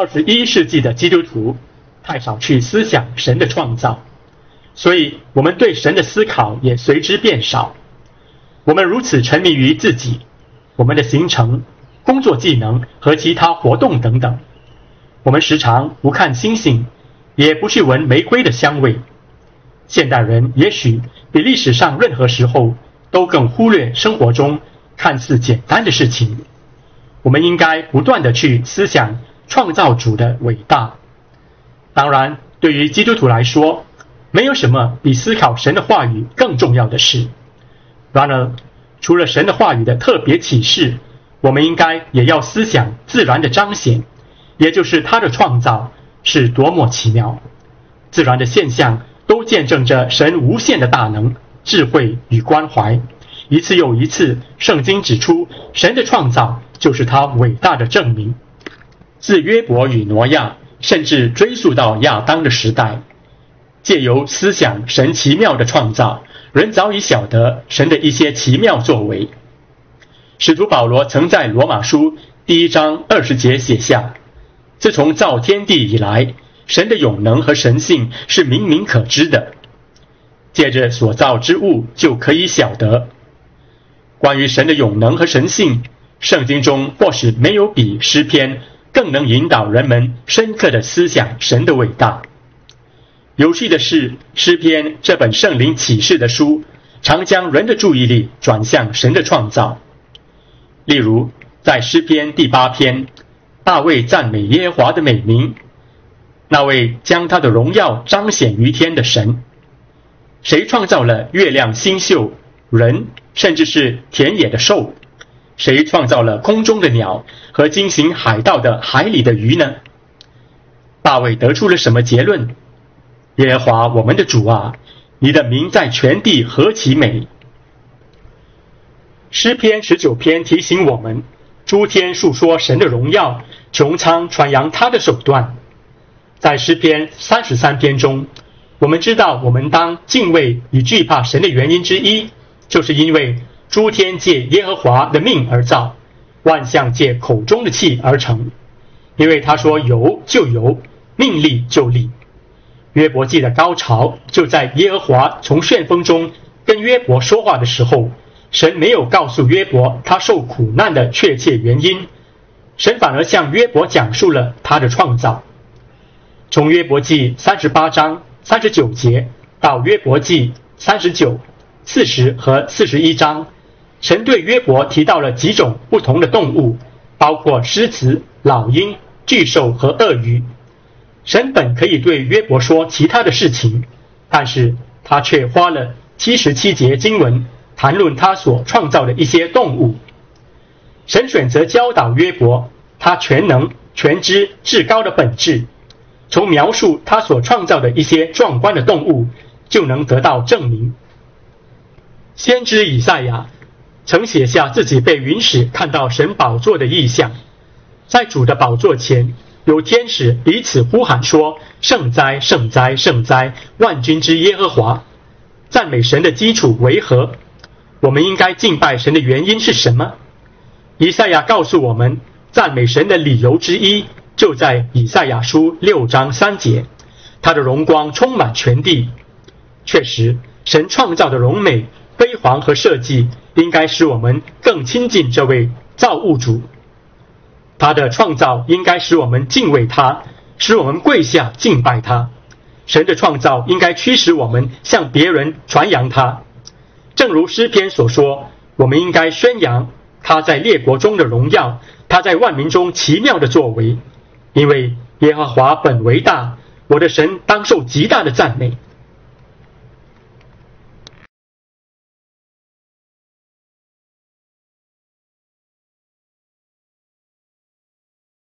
二十一世紀的基督徒太少去思想神的創造，所以我們對神的思考也隨之變少。我們如此沉迷於自己、我們的行程、工作技能和其他活動等等，我們時常不看星星，也不去聞玫瑰的香味。現代人也許比歷史上任何時候都更忽略生活中看似簡單的事情，我們應該不斷地去思想創造主的偉大，當然，對於基督徒來說，沒有什麼比思考神的話語更重要的事。然而，除了神的話語的特別啟示，我們應該也要思想自然的彰顯，也就是他的創造是多麼奇妙。自然的現象都見證着神無限的大能、智慧與關懷。一次又一次，聖經指出，神的創造就是他偉大的證明。自約伯與挪亞，甚至追溯到亞當的時代，借由思想神奇妙的創造，人早已曉得神的一些奇妙作為。使徒保羅曾在羅馬書第一章二十節寫下：“自從造天地以來，神的永能和神性是明明可知的，借着所造之物就可以曉得關於神的永能和神性。”聖經中或許沒有比詩篇。更能引導人們深刻的思想神的偉大。有趣的是，《詩篇》這本聖靈啟示的書，常將人的注意力轉向神的創造。例如，在詩篇第八篇，大衛讚美耶和華的美名，那位將他的榮耀彰顯於天的神，誰創造了月亮、星宿、人，甚至是田野的獸？誰創造了空中的鳥和經行海道的海裡的魚呢？大衛得出了什麼結論？耶和華我們的主啊，你的名在全地何其美！詩篇十九篇提醒我們，諸天述說神的榮耀，穹蒼傳揚他的手段。在詩篇三十三篇中，我們知道我們當敬畏與懼怕神的原因之一，就是因為。諸天借耶和華的命而造，萬象借口中的氣而成。因為他說有就有，命立就立。約伯記的高潮就在耶和華從旋風中跟約伯說話的時候，神沒有告訴約伯他受苦難的確切原因，神反而向約伯講述了他的創造。從約伯記三十八章三十九節到約伯記三十九、四十和四十一章。神對約伯提到了幾種不同的動物，包括獅子、老鷹、巨獸和鱷魚。神本可以對約伯說其他的事情，但是他却花了七十七節經文談論他所創造的一些動物。神選擇教導約伯，他全能、全知、至高的本質，從描述他所創造的一些壯觀的動物就能得到證明。先知以賽亞，曾寫下自己被允許看到神寶座的意象，在主的寶座前，有天使彼此呼喊說：“聖哉，聖哉，聖哉，萬軍之耶和華！”讚美神的基礎為何？我們應該敬拜神的原因是什麼？以賽亞告訴我們，讚美神的理由之一就在以賽亞書六章三節：“他的榮光充滿全地。”確實，神創造的榮美。輝煌和設計應該使我們更親近這位造物主，他的創造應該使我們敬畏他，使我們跪下敬拜他。神的創造應該驅使我們向別人傳揚他，正如詩篇所說，我們應該宣揚他在列國中的榮耀，他在萬民中奇妙的作為，因為耶和華本為大，我的神當受極大的讚美。